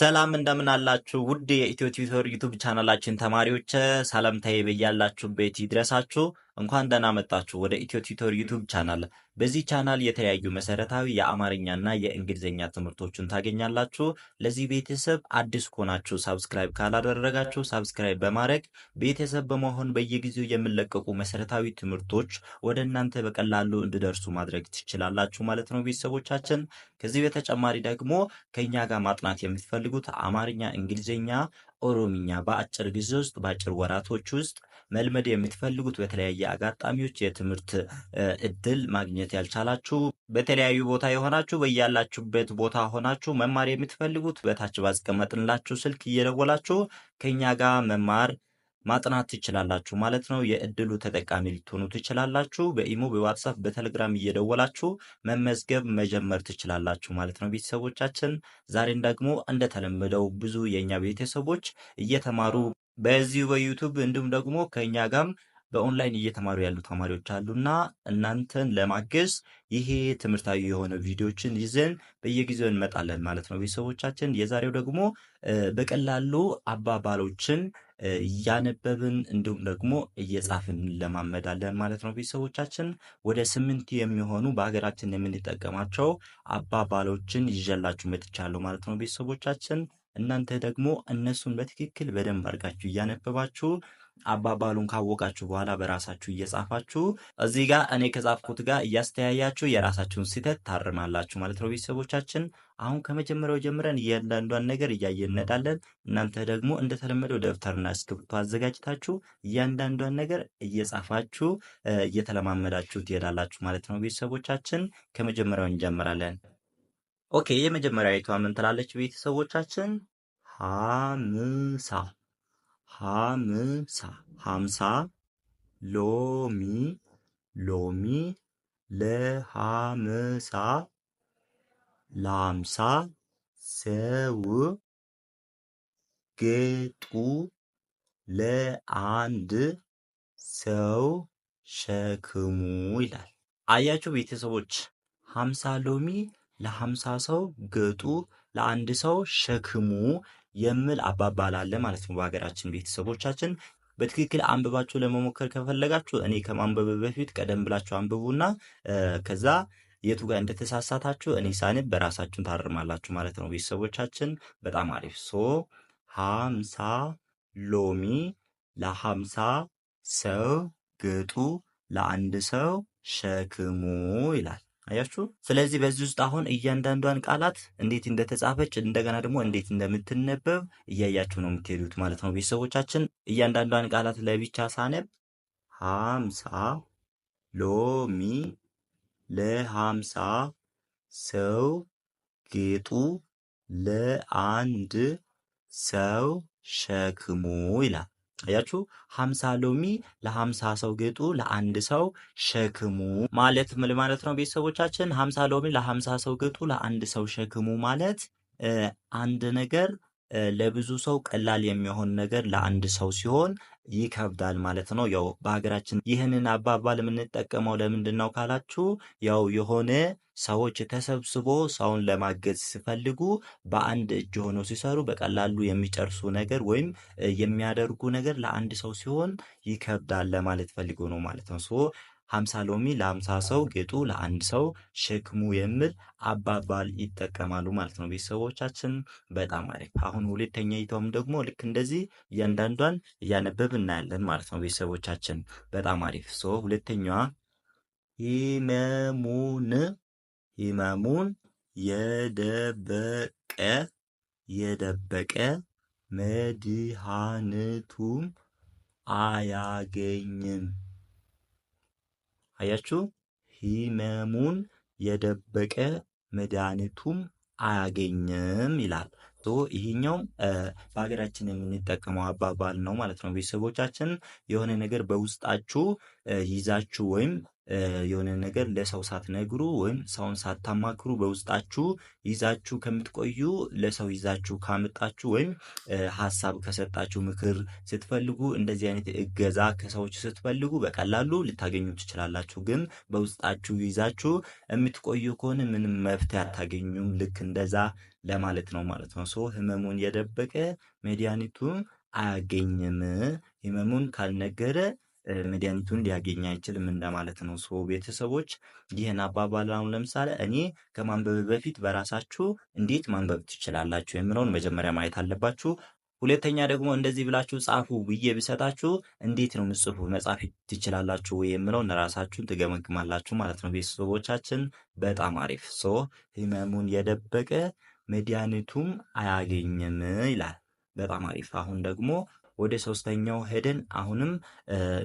ሰላም እንደምን አላችሁ? ውድ የኢትዮ ቲዩተር ዩቱብ ቻናላችን ተማሪዎች ሰላምታዬ በያላችሁበት ይድረሳችሁ። እንኳን ደህና መጣችሁ ወደ ኢትዮ ቲዩተር ዩቱብ ቻናል። በዚህ ቻናል የተለያዩ መሰረታዊ የአማርኛና የእንግሊዝኛ ትምህርቶችን ታገኛላችሁ። ለዚህ ቤተሰብ አዲስ ከሆናችሁ ሳብስክራይብ ካላደረጋችሁ ሳብስክራይብ በማድረግ ቤተሰብ በመሆን በየጊዜው የምለቀቁ መሰረታዊ ትምህርቶች ወደ እናንተ በቀላሉ እንዲደርሱ ማድረግ ትችላላችሁ ማለት ነው ቤተሰቦቻችን። ከዚህ በተጨማሪ ደግሞ ከእኛ ጋር ማጥናት የምትፈልጉት አማርኛ፣ እንግሊዝኛ፣ ኦሮምኛ በአጭር ጊዜ ውስጥ በአጭር ወራቶች ውስጥ መልመድ የምትፈልጉት በተለያየ አጋጣሚዎች የትምህርት እድል ማግኘት ያልቻላችሁ በተለያዩ ቦታ የሆናችሁ በያላችሁበት ቦታ ሆናችሁ መማር የምትፈልጉት በታች ባስቀመጥንላችሁ ስልክ እየደወላችሁ ከኛ ጋር መማር ማጥናት ትችላላችሁ ማለት ነው። የእድሉ ተጠቃሚ ልትሆኑ ትችላላችሁ። በኢሞ፣ በዋትሳፕ፣ በቴሌግራም እየደወላችሁ መመዝገብ መጀመር ትችላላችሁ ማለት ነው። ቤተሰቦቻችን ዛሬን ደግሞ እንደተለመደው ብዙ የእኛ ቤተሰቦች እየተማሩ በዚሁ በዩቱብ እንዲሁም ደግሞ ከእኛ ጋም በኦንላይን እየተማሩ ያሉ ተማሪዎች አሉና እናንተን ለማገዝ ይሄ ትምህርታዊ የሆነ ቪዲዮዎችን ይዘን በየጊዜው እንመጣለን ማለት ነው። ቤተሰቦቻችን የዛሬው ደግሞ በቀላሉ አባባሎችን እያነበብን እንዲሁም ደግሞ እየጻፍን እንለማመዳለን ማለት ነው። ቤተሰቦቻችን ወደ ስምንት የሚሆኑ በሀገራችን የምንጠቀማቸው አባባሎችን ይዤላችሁ መጥቻለሁ ማለት ነው። ቤተሰቦቻችን እናንተ ደግሞ እነሱን በትክክል በደንብ አድርጋችሁ እያነበባችሁ አባባሉን ካወቃችሁ በኋላ በራሳችሁ እየጻፋችሁ እዚህ ጋር እኔ ከጻፍኩት ጋር እያስተያያችሁ የራሳችሁን ስህተት ታርማላችሁ ማለት ነው። ቤተሰቦቻችን አሁን ከመጀመሪያው ጀምረን እያንዳንዷን ነገር እያየን እንሄዳለን። እናንተ ደግሞ እንደተለመደው ደብተርና እስክሪብቶ አዘጋጅታችሁ እያንዳንዷን ነገር እየጻፋችሁ እየተለማመዳችሁ ትሄዳላችሁ ማለት ነው። ቤተሰቦቻችን ከመጀመሪያው እንጀምራለን። ኦኬ የመጀመሪያዊቷ ምን ትላለች? ቤተሰቦቻችን ሀምሳ ሀምሳ ሀምሳ ሎሚ ሎሚ ለሀምሳ ለሀምሳ ሰው ጌጡ ለአንድ ሰው ሸክሙ ይላል። አያችሁ ቤተሰቦች ሀምሳ ሎሚ ለሀምሳ ሰው ግጡ ለአንድ ሰው ሸክሙ የሚል አባባል አለ ማለት ነው። በሀገራችን ቤተሰቦቻችን በትክክል አንብባችሁ ለመሞከር ከፈለጋችሁ እኔ ከማንበብ በፊት ቀደም ብላችሁ አንብቡና ከዛ የቱ ጋር እንደተሳሳታችሁ እኔ ሳኔ በራሳችሁን ታርማላችሁ ማለት ነው። ቤተሰቦቻችን በጣም አሪፍ ሶ ሀምሳ ሎሚ ለሀምሳ ሰው ግጡ ለአንድ ሰው ሸክሙ ይላል። አያችሁ። ስለዚህ በዚህ ውስጥ አሁን እያንዳንዷን ቃላት እንዴት እንደተጻፈች እንደገና ደግሞ እንዴት እንደምትነበብ እያያችሁ ነው የምትሄዱት ማለት ነው። ቤተሰቦቻችን እያንዳንዷን ቃላት ለብቻ ሳነብ ሀምሳ ሎሚ ለሀምሳ ሰው ጌጡ ለአንድ ሰው ሸክሙ ይላል። ያችሁ ሀምሳ ሎሚ ለሀምሳ ሰው ግጡ፣ ለአንድ ሰው ሸክሙ ማለት ምን ማለት ነው? ቤተሰቦቻችን ሀምሳ ሎሚ ለሀምሳ ሰው ግጡ፣ ለአንድ ሰው ሸክሙ ማለት አንድ ነገር ለብዙ ሰው ቀላል የሚሆን ነገር ለአንድ ሰው ሲሆን ይከብዳል ማለት ነው። ያው በሀገራችን ይህንን አባባል የምንጠቀመው ለምንድን ነው ካላችሁ፣ ያው የሆነ ሰዎች ተሰብስቦ ሰውን ለማገዝ ሲፈልጉ በአንድ እጅ ሆነው ሲሰሩ በቀላሉ የሚጨርሱ ነገር ወይም የሚያደርጉ ነገር ለአንድ ሰው ሲሆን ይከብዳል ለማለት ፈልጎ ነው ማለት ነው። ሀምሳ ሎሚ ለሀምሳ ሰው ጌጡ ለአንድ ሰው ሸክሙ የሚል አባባል ይጠቀማሉ ማለት ነው። ቤተሰቦቻችን በጣም አሪፍ። አሁን ሁለተኛ ይተውም ደግሞ ልክ እንደዚህ እያንዳንዷን እያነበብ እናያለን ማለት ነው። ቤተሰቦቻችን በጣም አሪፍ። ሶ ሁለተኛዋ ሂመሙን ህመሙን የደበቀ የደበቀ መድሃንቱም አያገኝም አያችሁ፣ ህመሙን የደበቀ መድኃኒቱም አያገኝም ይላል። ይህኛውም በሀገራችን የምንጠቀመው አባባል ነው ማለት ነው። ቤተሰቦቻችን የሆነ ነገር በውስጣችሁ ይዛችሁ ወይም የሆነ ነገር ለሰው ሳትነግሩ ወይም ሰውን ሳታማክሩ በውስጣችሁ ይዛችሁ ከምትቆዩ ለሰው ይዛችሁ ካመጣችሁ ወይም ሀሳብ ከሰጣችሁ ምክር ስትፈልጉ እንደዚህ አይነት እገዛ ከሰዎች ስትፈልጉ በቀላሉ ልታገኙ ትችላላችሁ። ግን በውስጣችሁ ይዛችሁ የምትቆዩ ከሆነ ምንም መፍትሄ አታገኙም። ልክ እንደዛ ለማለት ነው ማለት ነው። ሶ ህመሙን የደበቀ መድኃኒቱም አያገኝም። ህመሙን ካልነገረ መድኃኒቱን ሊያገኝ አይችልም እንደማለት ነው። ሶ ቤተሰቦች ይህን አባባል አሁን ለምሳሌ እኔ ከማንበብ በፊት በራሳችሁ እንዴት ማንበብ ትችላላችሁ የምለውን መጀመሪያ ማየት አለባችሁ። ሁለተኛ ደግሞ እንደዚህ ብላችሁ ጻፉ ብዬ ብሰጣችሁ እንዴት ነው ምጽፉ መጻፍ ትችላላችሁ ወይ የምለውን ራሳችሁን ትገመግማላችሁ ማለት ነው። ቤተሰቦቻችን በጣም አሪፍ። ሶ ህመሙን የደበቀ መድኃኒቱም አያገኝም ይላል። በጣም አሪፍ። አሁን ደግሞ ወደ ሶስተኛው ሄደን አሁንም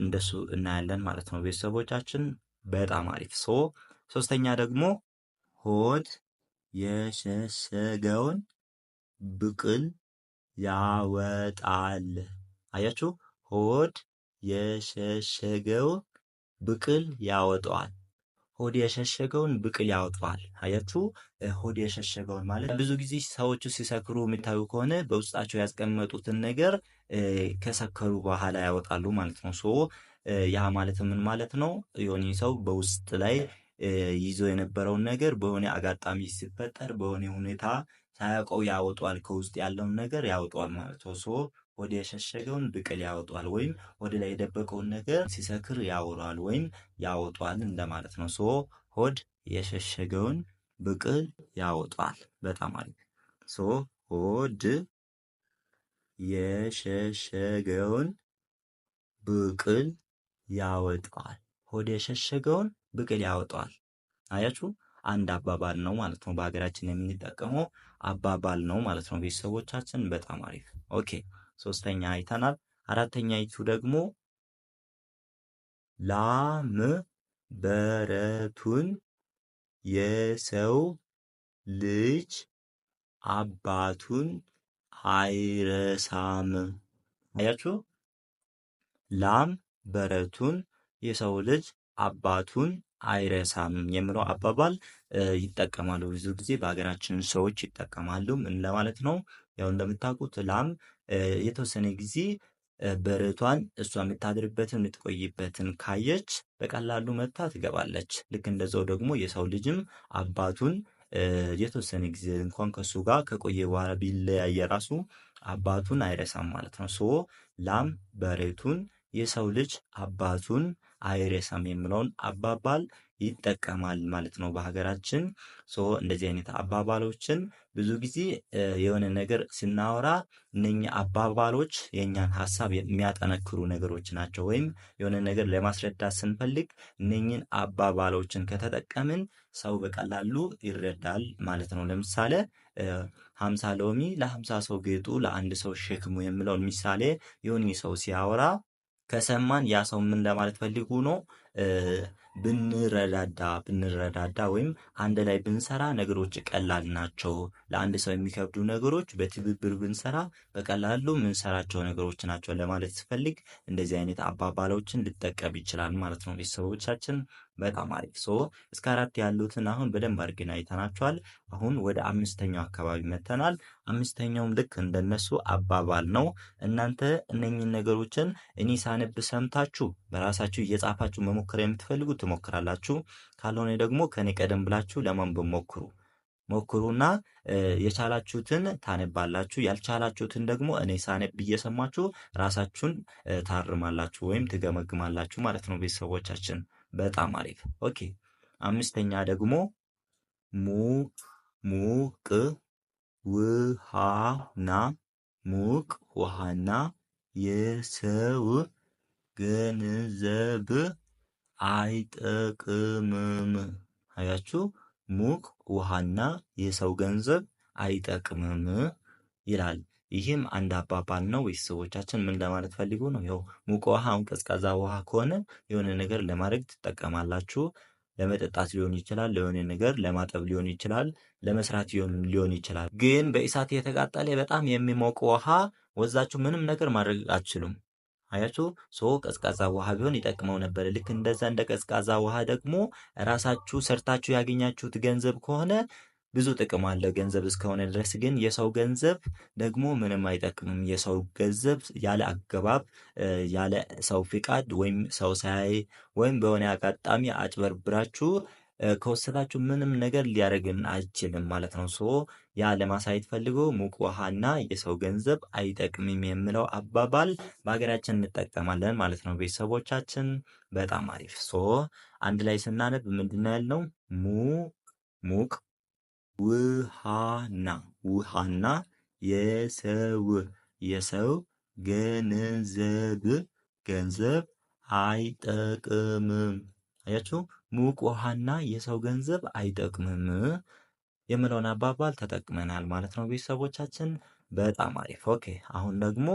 እንደሱ እናያለን ማለት ነው ቤተሰቦቻችን። በጣም አሪፍ ሶ ሶስተኛ ደግሞ ሆድ የሸሸገውን ብቅል ያወጣል። አያችሁ ሆድ የሸሸገው ብቅል ያወጣዋል። ሆድ የሸሸገውን ብቅል ያወጣዋል። አያችሁ፣ ሆድ የሸሸገውን ማለት ብዙ ጊዜ ሰዎቹ ሲሰክሩ የሚታዩ ከሆነ በውስጣቸው ያስቀመጡትን ነገር ከሰከሩ በኋላ ያወጣሉ ማለት ነው። ሶ ያ ማለት ምን ማለት ነው? የሆነ ሰው በውስጥ ላይ ይዞ የነበረውን ነገር በሆነ አጋጣሚ ሲፈጠር፣ በሆነ ሁኔታ ሳያውቀው ያወጧል። ከውስጥ ያለውን ነገር ያወጧል ማለት ነው። ወደ የሸሸገውን ብቅል ያወጧል ወይም ወደ ላይ የደበቀውን ነገር ሲሰክር ያወሯል ወይም ያወጧል እንደማለት ነው። ሶ ሆድ የሸሸገውን ብቅል ያወጧል። በጣም አሪፍ። ሶ ሆድ የሸሸገውን ብቅል ያወጧል። ሆድ የሸሸገውን ብቅል ያወጧል። አያችሁ አንድ አባባል ነው ማለት ነው በሀገራችን የምንጠቀመው አባባል ነው ማለት ነው ቤተሰቦቻችን። በጣም አሪፍ ኦኬ። ሶስተኛ አይተናል። አራተኛይቱ ደግሞ ላም በረቱን የሰው ልጅ አባቱን አይረሳም። አያችሁ፣ ላም በረቱን የሰው ልጅ አባቱን አይረሳም የሚለው አባባል ይጠቀማሉ። ብዙ ጊዜ በሀገራችን ሰዎች ይጠቀማሉ። ምን ለማለት ነው? ያው እንደምታውቁት ላም የተወሰነ ጊዜ በርቷን እሷ የምታድርበትን የምትቆይበትን ካየች በቀላሉ መታ ትገባለች። ልክ እንደዛው ደግሞ የሰው ልጅም አባቱን የተወሰነ ጊዜ እንኳን ከሱ ጋር ከቆየ በኋላ ቢለያየ ራሱ አባቱን አይረሳም ማለት ነው። ሶ ላም በሬቱን፣ የሰው ልጅ አባቱን አይረሳም የሚለውን አባባል ይጠቀማል ማለት ነው። በሀገራችን ሶ እንደዚህ አይነት አባባሎችን ብዙ ጊዜ የሆነ ነገር ስናወራ እነኛ አባባሎች የእኛን ሀሳብ የሚያጠነክሩ ነገሮች ናቸው። ወይም የሆነ ነገር ለማስረዳት ስንፈልግ እነኝን አባባሎችን ከተጠቀምን ሰው በቀላሉ ይረዳል ማለት ነው። ለምሳሌ ሀምሳ ሎሚ ለሀምሳ ሰው ጌጡ ለአንድ ሰው ሸክሙ የሚለውን ምሳሌ የሆነ ሰው ሲያወራ ከሰማን ያ ሰው ምን ለማለት ፈልጉ ነው ብንረዳዳ ብንረዳዳ ወይም አንድ ላይ ብንሰራ ነገሮች ቀላል ናቸው። ለአንድ ሰው የሚከብዱ ነገሮች በትብብር ብንሰራ በቀላሉ የምንሰራቸው ነገሮች ናቸው ለማለት ስፈልግ እንደዚህ አይነት አባባሎችን ሊጠቀም ይችላል ማለት ነው። ቤተሰቦቻችን በጣም አሪፍ ሶ እስከ አራት ያሉትን አሁን በደንብ አድርገን አይተናቸዋል። አሁን ወደ አምስተኛው አካባቢ መተናል። አምስተኛውም ልክ እንደነሱ አባባል ነው። እናንተ እነኝን ነገሮችን እኔ ሳነብ ሰምታችሁ በራሳችሁ እየጻፋችሁ መሞከር የምትፈልጉ ትሞክራላችሁ። ካልሆነ ደግሞ ከኔ ቀደም ብላችሁ ለማንበብ ሞክሩ ሞክሩና የቻላችሁትን ታነባላችሁ፣ ያልቻላችሁትን ደግሞ እኔ ሳነብ እየሰማችሁ ራሳችሁን ታርማላችሁ ወይም ትገመግማላችሁ ማለት ነው። ቤተሰቦቻችን በጣም አሪፍ ኦኬ። አምስተኛ ደግሞ ሙ ሙቅ ውሃና ሙቅ ውሃና የሰው ገንዘብ አይጠቅምም። አያችሁ፣ ሙቅ ውሃና የሰው ገንዘብ አይጠቅምም ይላል። ይህም አንድ አባባል ነው። ቤተሰቦቻችን ምን ለማለት ፈልጉ ነው? ያው ሙቅ ውሃ አሁን ቀዝቃዛ ውሃ ከሆነ የሆነ ነገር ለማድረግ ትጠቀማላችሁ። ለመጠጣት ሊሆን ይችላል፣ ለሆነ ነገር ለማጠብ ሊሆን ይችላል፣ ለመስራት ሊሆን ይችላል። ግን በእሳት የተቃጠለ በጣም የሚሞቅ ውሃ ወዛችሁ ምንም ነገር ማድረግ አትችሉም። አያችሁ ሶ ቀዝቃዛ ውሃ ቢሆን ይጠቅመው ነበር። ልክ እንደዛ እንደ ቀዝቃዛ ውሃ ደግሞ ራሳችሁ ሰርታችሁ ያገኛችሁት ገንዘብ ከሆነ ብዙ ጥቅም አለው ገንዘብ እስከሆነ ድረስ። ግን የሰው ገንዘብ ደግሞ ምንም አይጠቅምም። የሰው ገንዘብ ያለ አገባብ ያለ ሰው ፍቃድ ወይም ሰው ሳያይ ወይም በሆነ አጋጣሚ አጭበርብራችሁ ከወሰዳችሁ ምንም ነገር ሊያደርግን አይችልም ማለት ነው። ሶ ያ ለማሳየት ፈልጎ ሙቅ ውሃና የሰው ገንዘብ አይጠቅምም የምለው አባባል በሀገራችን እንጠቀማለን ማለት ነው። ቤተሰቦቻችን በጣም አሪፍ። ሶ አንድ ላይ ስናነብ ምንድን ያልነው ሙቅ ውሃና ውሃና የሰው የሰው ገንዘብ ገንዘብ አይጠቅምም። አያችሁ ሙቅ ውሃና የሰው ገንዘብ አይጠቅምም የምለውን አባባል ተጠቅመናል ማለት ነው ቤተሰቦቻችን። በጣም አሪፍ ኦኬ። አሁን ደግሞ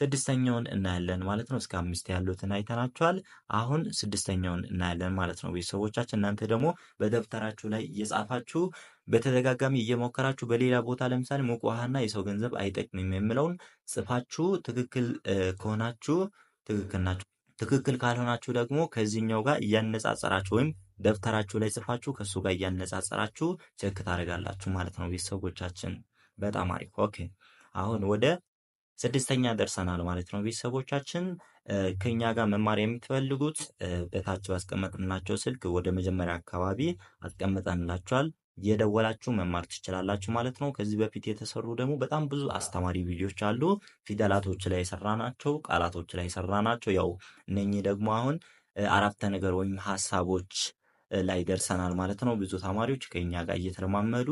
ስድስተኛውን እናያለን ማለት ነው። እስከ አምስት ያሉትን አይተናቸዋል። አሁን ስድስተኛውን እናያለን ማለት ነው ቤተሰቦቻችን። እናንተ ደግሞ በደብተራችሁ ላይ እየጻፋችሁ በተደጋጋሚ እየሞከራችሁ በሌላ ቦታ ለምሳሌ ሙቅ ውሃና የሰው ገንዘብ አይጠቅምም የምለውን ጽፋችሁ ትክክል ከሆናችሁ ትክክል ናችሁ። ትክክል ካልሆናችሁ ደግሞ ከዚህኛው ጋር እያነጻጸራችሁ ወይም ደብተራችሁ ላይ ጽፋችሁ ከእሱ ጋር እያነጻጸራችሁ ቼክ ታደርጋላችሁ ማለት ነው። ቤተሰቦቻችን በጣም አሪፍ ኦኬ። አሁን ወደ ስድስተኛ ደርሰናል ማለት ነው። ቤተሰቦቻችን ከኛ ጋር መማር የምትፈልጉት በታች ባስቀመጥንላቸው ስልክ ወደ መጀመሪያ አካባቢ አስቀምጠንላቸዋል። እየደወላችሁ መማር ትችላላችሁ ማለት ነው። ከዚህ በፊት የተሰሩ ደግሞ በጣም ብዙ አስተማሪ ቪዲዮዎች አሉ። ፊደላቶች ላይ የሰራ ናቸው፣ ቃላቶች ላይ የሰራ ናቸው። ያው እነኚህ ደግሞ አሁን አረፍተ ነገር ወይም ሀሳቦች ላይ ደርሰናል ማለት ነው። ብዙ ተማሪዎች ከኛ ጋር እየተለማመዱ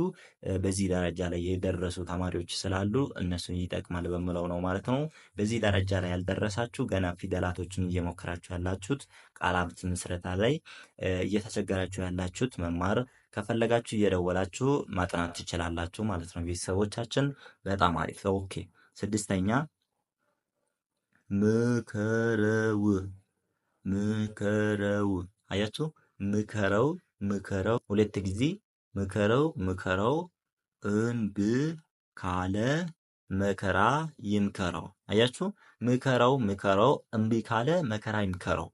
በዚህ ደረጃ ላይ የደረሱ ተማሪዎች ስላሉ እነሱን ይጠቅማል በምለው ነው ማለት ነው። በዚህ ደረጃ ላይ ያልደረሳችሁ ገና ፊደላቶችን እየሞከራችሁ ያላችሁት ቃላት ምስረታ ላይ እየተቸገራችሁ ያላችሁት መማር ከፈለጋችሁ እየደወላችሁ ማጥናት ትችላላችሁ ማለት ነው። ቤተሰቦቻችን በጣም አሪፍ። ኦኬ ስድስተኛ ምከረው ምከረው አያችሁ ምከረው ምከረው ሁለት ጊዜ ምከረው ምከረው እንብ ካለ መከራ ይምከረው። አያችሁ፣ ምከረው ምከረው እምቢ ካለ መከራ ይምከረው።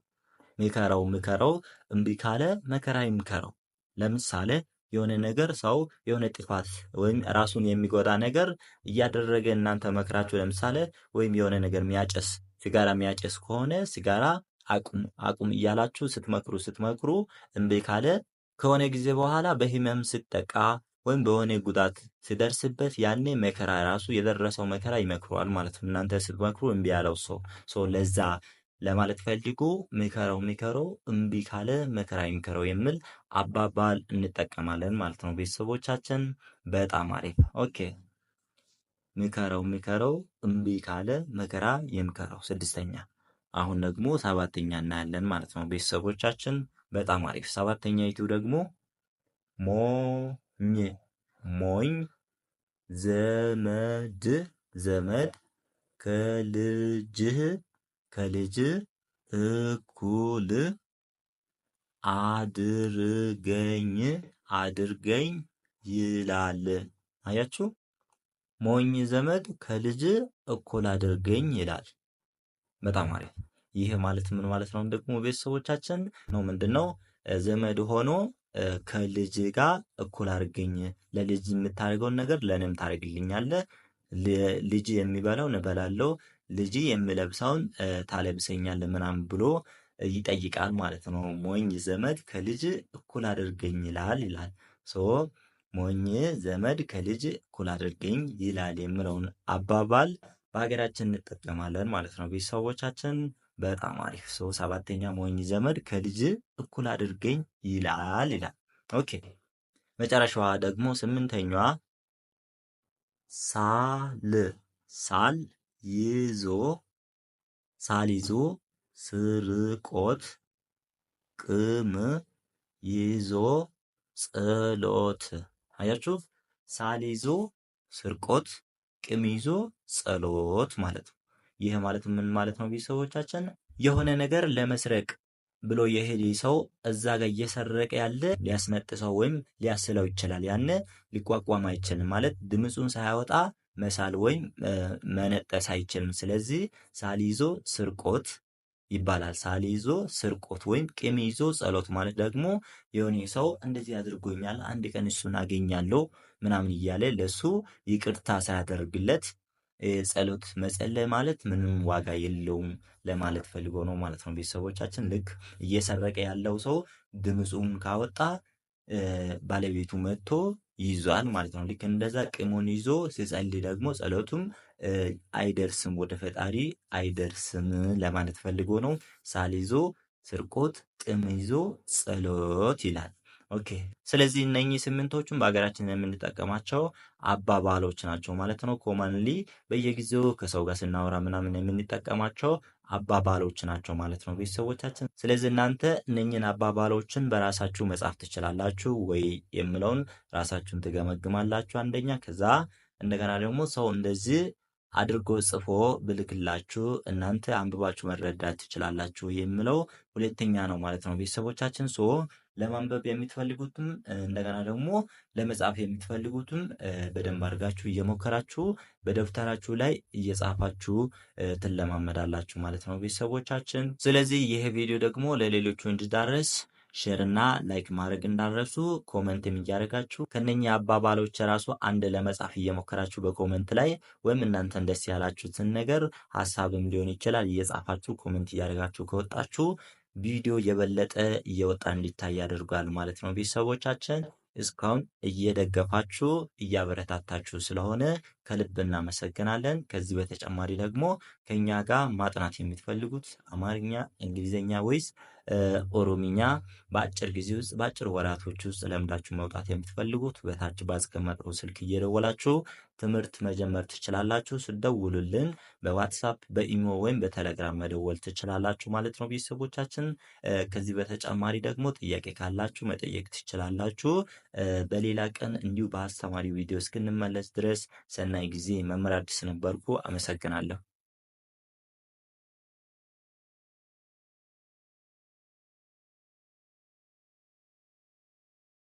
ምከረው ምከረው እምቢ ካለ መከራ ይምከረው። ለምሳሌ የሆነ ነገር ሰው የሆነ ጥፋት ወይም ራሱን የሚጎዳ ነገር እያደረገ እናንተ መክራችሁ፣ ለምሳሌ ወይም የሆነ ነገር የሚያጨስ ሲጋራ የሚያጨስ ከሆነ ሲጋራ አቁም አቁም እያላችሁ ስትመክሩ ስትመክሩ እምቢ ካለ ከሆነ ጊዜ በኋላ በህመም ስትጠቃ ወይም በሆነ ጉዳት ሲደርስበት ያኔ መከራ ራሱ የደረሰው መከራ ይመክረዋል ማለት ነው። እናንተ ስትመክሩ እምቢ ያለው ሰው ሰው ለዛ ለማለት ፈልጉ ምከረው ምከረው እምቢ ካለ መከራ ይምከረው የሚል አባባል እንጠቀማለን ማለት ነው። ቤተሰቦቻችን በጣም አሪፍ ኦኬ። ምከረው ምከረው እምቢ ካለ መከራ ይምከረው። ስድስተኛ አሁን ደግሞ ሰባተኛ እናያለን ማለት ነው ቤተሰቦቻችን። በጣም አሪፍ። ሰባተኛ ሰባተኛይቱ ደግሞ ሞኝ ሞኝ ዘመድ ዘመድ ከልጅህ ከልጅ እኩል አድርገኝ አድርገኝ ይላል። አያችሁ ሞኝ ዘመድ ከልጅ እኩል አድርገኝ ይላል። በጣም አሪፍ። ይህ ማለት ምን ማለት ነው? ደግሞ ቤተሰቦቻችን ነው ምንድነው ዘመድ ሆኖ ከልጅ ጋር እኩል አድርገኝ ለልጅ የምታደርገውን ነገር ለእኔም ታደርግልኛለህ፣ ልጅ የሚበላውን እበላለሁ፣ ልጅ የሚለብሰውን ታለብሰኛለህ ምናምን ብሎ ይጠይቃል ማለት ነው። ሞኝ ዘመድ ከልጅ እኩል አድርገኝ ይላል ይላል ሶ ሞኝ ዘመድ ከልጅ እኩል አድርገኝ ይላል የምለውን አባባል በሀገራችን እንጠቀማለን ማለት ነው። ቤተሰቦቻችን በጣም አሪፍ ሰው። ሰባተኛ ሞኝ ዘመድ ከልጅ እኩል አድርገኝ ይላል ይላል። ኦኬ መጨረሻዋ ደግሞ ስምንተኛዋ ሳል ሳል ይዞ ሳል ይዞ ስርቆት ቅም ይዞ ጸሎት አያችሁ። ሳል ይዞ ስርቆት ጥቅም ይዞ ጸሎት ማለት ነው። ይህ ማለት ምን ማለት ነው? ቤተሰቦቻችን የሆነ ነገር ለመስረቅ ብሎ የሄደ ሰው እዛ ጋር እየሰረቀ ያለ ሊያስነጥሰው ወይም ሊያስለው ይችላል። ያን ሊቋቋም አይችልም ማለት ድምፁን ሳያወጣ መሳል ወይም መነጠስ አይችልም። ስለዚህ ሳል ይዞ ስርቆት ይባላል። ሳል ይዞ ስርቆት ወይም ቂም ይዞ ጸሎት ማለት ደግሞ የሆነ ሰው እንደዚህ አድርጎኛል፣ አንድ ቀን እሱን አገኛለሁ ምናምን እያለ ለሱ ይቅርታ ሳያደርግለት ጸሎት መጸለይ ማለት ምንም ዋጋ የለውም ለማለት ፈልጎ ነው ማለት ነው። ቤተሰቦቻችን ልክ እየሰረቀ ያለው ሰው ድምፁን ካወጣ ባለቤቱ መጥቶ ይዟል ማለት ነው። ልክ እንደዛ ቅሙን ይዞ ሲጸልይ ደግሞ ጸሎቱም አይደርስም፣ ወደ ፈጣሪ አይደርስም ለማለት ፈልጎ ነው። ሳል ይዞ ስርቆት፣ ጥም ይዞ ጸሎት ይላል። ኦኬ ስለዚህ እነኚህ ስምንቶቹም በሀገራችን የምንጠቀማቸው አባባሎች ናቸው ማለት ነው። ኮመንሊ በየጊዜው ከሰው ጋር ስናወራ ምናምን የምንጠቀማቸው አባባሎች ናቸው ማለት ነው ቤተሰቦቻችን። ስለዚህ እናንተ እነኝን አባባሎችን በራሳችሁ መጻፍ ትችላላችሁ ወይ የሚለውን ራሳችሁን ትገመግማላችሁ አንደኛ። ከዛ እንደገና ደግሞ ሰው እንደዚህ አድርጎ ጽፎ ብልክላችሁ እናንተ አንብባችሁ መረዳት ትችላላችሁ የሚለው ሁለተኛ ነው ማለት ነው ቤተሰቦቻችን ሶ ለማንበብ የምትፈልጉትም እንደገና ደግሞ ለመጻፍ የምትፈልጉትም በደንብ አድርጋችሁ እየሞከራችሁ በደብተራችሁ ላይ እየጻፋችሁ ትለማመዳላችሁ ማለት ነው ቤተሰቦቻችን። ስለዚህ ይህ ቪዲዮ ደግሞ ለሌሎቹ እንዲዳረስ ሼርና ላይክ ማድረግ እንዳረሱ ኮመንትም እያደረጋችሁ ከነኛ አባባሎች ራሱ አንድ ለመጻፍ እየሞከራችሁ በኮመንት ላይ ወይም እናንተን ደስ ያላችሁትን ነገር ሀሳብም ሊሆን ይችላል እየጻፋችሁ ኮመንት እያደረጋችሁ ከወጣችሁ ቪዲዮ የበለጠ እየወጣ እንዲታይ ያደርጓል ማለት ነው። ቤተሰቦቻችን እስካሁን እየደገፋችሁ እያበረታታችሁ ስለሆነ ከልብ እናመሰግናለን። ከዚህ በተጨማሪ ደግሞ ከኛ ጋር ማጥናት የምትፈልጉት አማርኛ፣ እንግሊዝኛ ወይስ ኦሮሚኛ በአጭር ጊዜ ውስጥ በአጭር ወራቶች ውስጥ ለምዳችሁ መውጣት የምትፈልጉት በታች ባስቀመጠው ስልክ እየደወላችሁ ትምህርት መጀመር ትችላላችሁ። ስደውሉልን በዋትሳፕ በኢሞ ወይም በቴሌግራም መደወል ትችላላችሁ ማለት ነው። ቤተሰቦቻችን ከዚህ በተጨማሪ ደግሞ ጥያቄ ካላችሁ መጠየቅ ትችላላችሁ። በሌላ ቀን እንዲሁ በአስተማሪ ቪዲዮ እስክንመለስ ድረስ ጊዜ መምህር አዲስ ነበርኩ። አመሰግናለሁ